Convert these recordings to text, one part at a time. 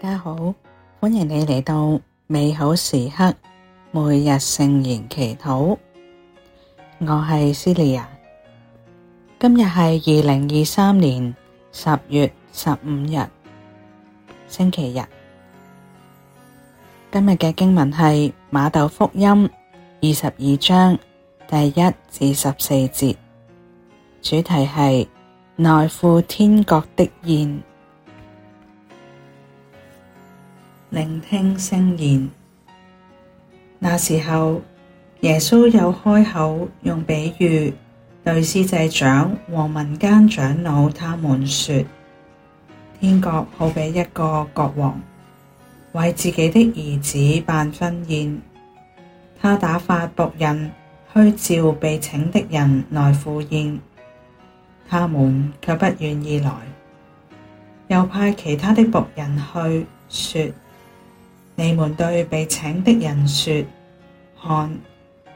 大家好，歡迎你嚟到美好時刻每日聖言祈禱。我係斯利亞，今日係二零二三年十月十五日，星期日。今日嘅經文係馬竇福音二十二章第一至十四節，主題係來赴天國的宴。聆聽聖言。那時候，耶穌又開口用比喻，對司祭長和民間長老他們說：天國好比一個國王，為自己的兒子辦婚宴，他打發僕人去召被請的人來赴宴，他們卻不願意來；又派其他的僕人去說。你們對被請的人說：看，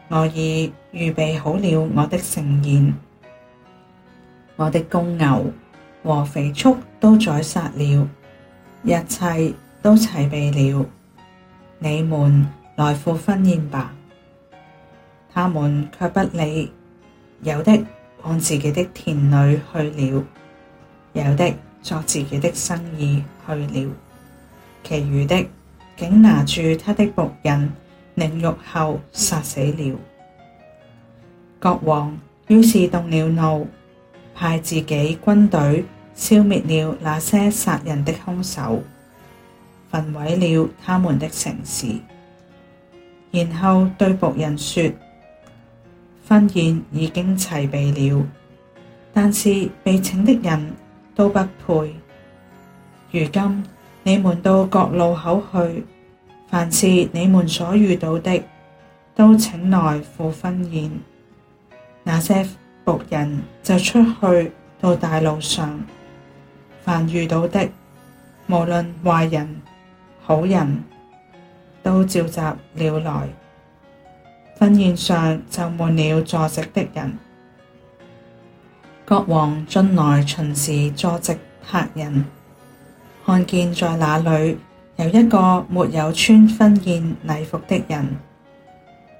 我已預備好了我的盛宴，我的公牛和肥畜都宰殺了，一切都齊備了。你們來赴婚宴吧。他們卻不理，有的往自己的田裏去了，有的作自己的生意去了，其餘的。竟拿住他的僕人，凌辱後殺死了。國王於是動了怒，派自己軍隊消滅了那些殺人的兇手，焚毀了他們的城市。然後對僕人說：婚宴已經齊備了，但是被請的人都不配。如今。你們到各路口去，凡是你們所遇到的，都請來赴婚宴。那些僕人就出去到大路上，凡遇到的，無論壞人好人，都召集了來。婚宴上就滿了坐席的人。國王進來巡視坐席客人。看見在那裏有一個沒有穿婚宴禮服的人，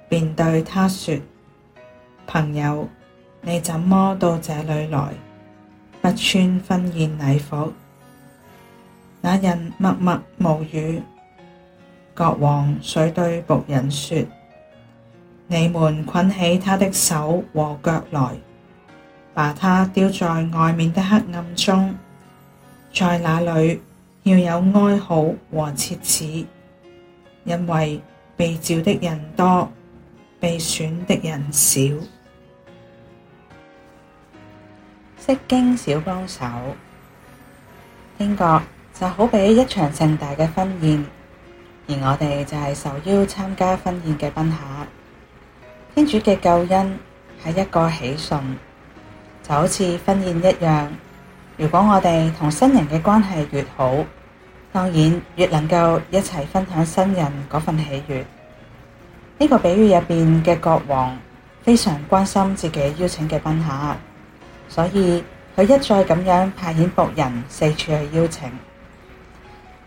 便對他說：朋友，你怎麼到這裏來？不穿婚宴禮服。那人默默無語。國王遂對僕人說：你們捆起他的手和腳來，把他丟在外面的黑暗中，在那裏。要有哀號和切齒，因為被召的人多，被選的人少。《釋經小幫手》，天國就好比一場盛大嘅婚宴，而我哋就係受邀參加婚宴嘅賓客。天主嘅救恩係一個喜訊，就好似婚宴一樣。如果我哋同新人嘅關係越好，當然越能夠一齊分享新人嗰份喜悅。呢個比喻入邊嘅國王非常關心自己邀請嘅賓客，所以佢一再咁樣派遣僕人四處去邀請。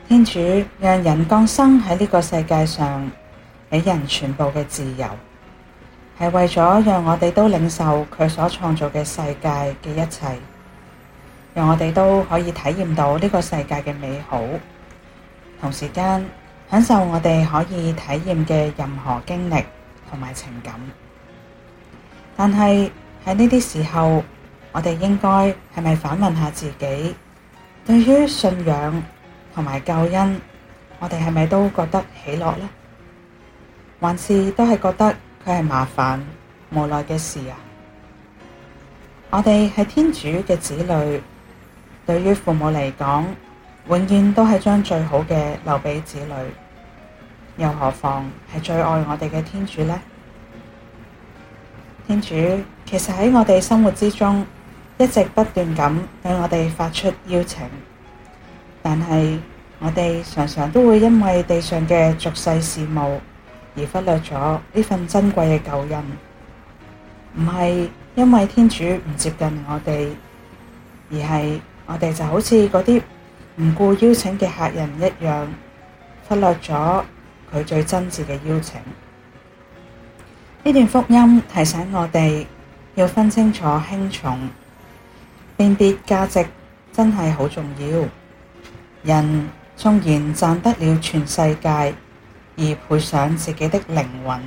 天主讓人降生喺呢個世界上，畀人全部嘅自由，係為咗讓我哋都領受佢所創造嘅世界嘅一切。讓我哋都可以體驗到呢個世界嘅美好，同時間享受我哋可以體驗嘅任何經歷同埋情感。但係喺呢啲時候，我哋應該係咪反問下自己，對於信仰同埋救恩，我哋係咪都覺得喜樂呢？還是都係覺得佢係麻煩無奈嘅事啊？我哋係天主嘅子女。對於父母嚟講，永遠都係將最好嘅留畀子女，又何況係最愛我哋嘅天主呢？天主其實喺我哋生活之中，一直不斷咁向我哋發出邀請，但係我哋常常都會因為地上嘅俗世事務而忽略咗呢份珍貴嘅救恩。唔係因為天主唔接近我哋，而係。我哋就好似嗰啲唔顧邀請嘅客人一樣，忽略咗佢最真摯嘅邀請。呢段福音提醒我哋要分清楚輕重，辨別價值真係好重要。人縱然賺得了全世界，而賠上自己的靈魂，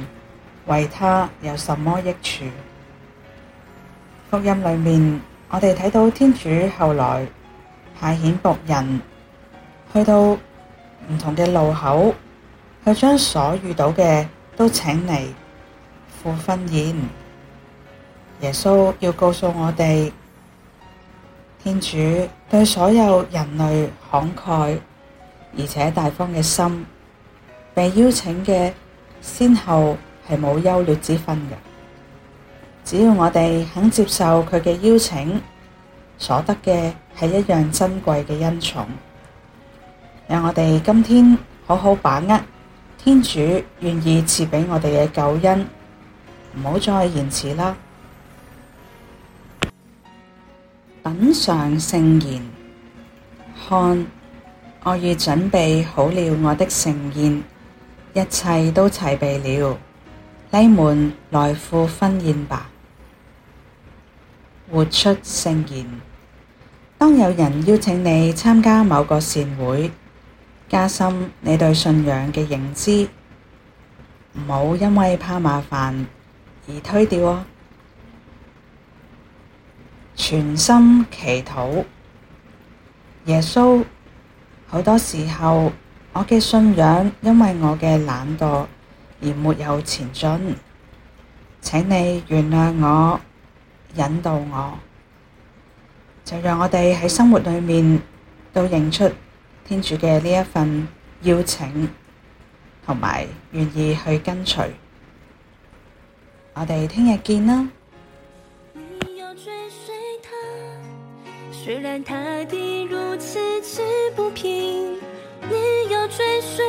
為他有什麼益處？福音裡面，我哋睇到天主後來派遣僕人去到唔同嘅路口，去將所遇到嘅都請嚟赴婚宴。耶穌要告訴我哋，天主對所有人類慷慨而且大方嘅心，被邀請嘅先後係冇優劣之分嘅。只要我哋肯接受佢嘅邀請，所得嘅係一樣珍貴嘅恩寵。讓我哋今天好好把握天主願意賜俾我哋嘅救恩，唔好再延遲啦！品嚐聖言，看，我已準備好了我的盛宴，一切都齊備了，你們來赴婚宴吧！活出聖言。當有人邀請你參加某個善會，加深你對信仰嘅認知，唔好因為怕麻煩而推掉哦、啊。全心祈禱。耶穌，好多時候，我嘅信仰因為我嘅懶惰而沒有前進，請你原諒我。引導我，就讓我哋喺生活裏面都認出天主嘅呢一份邀請，同埋願意去跟隨。我哋聽日見啦！你追隨他？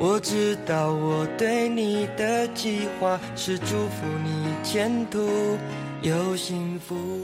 我知道我對你的計劃是祝福你前途有幸福。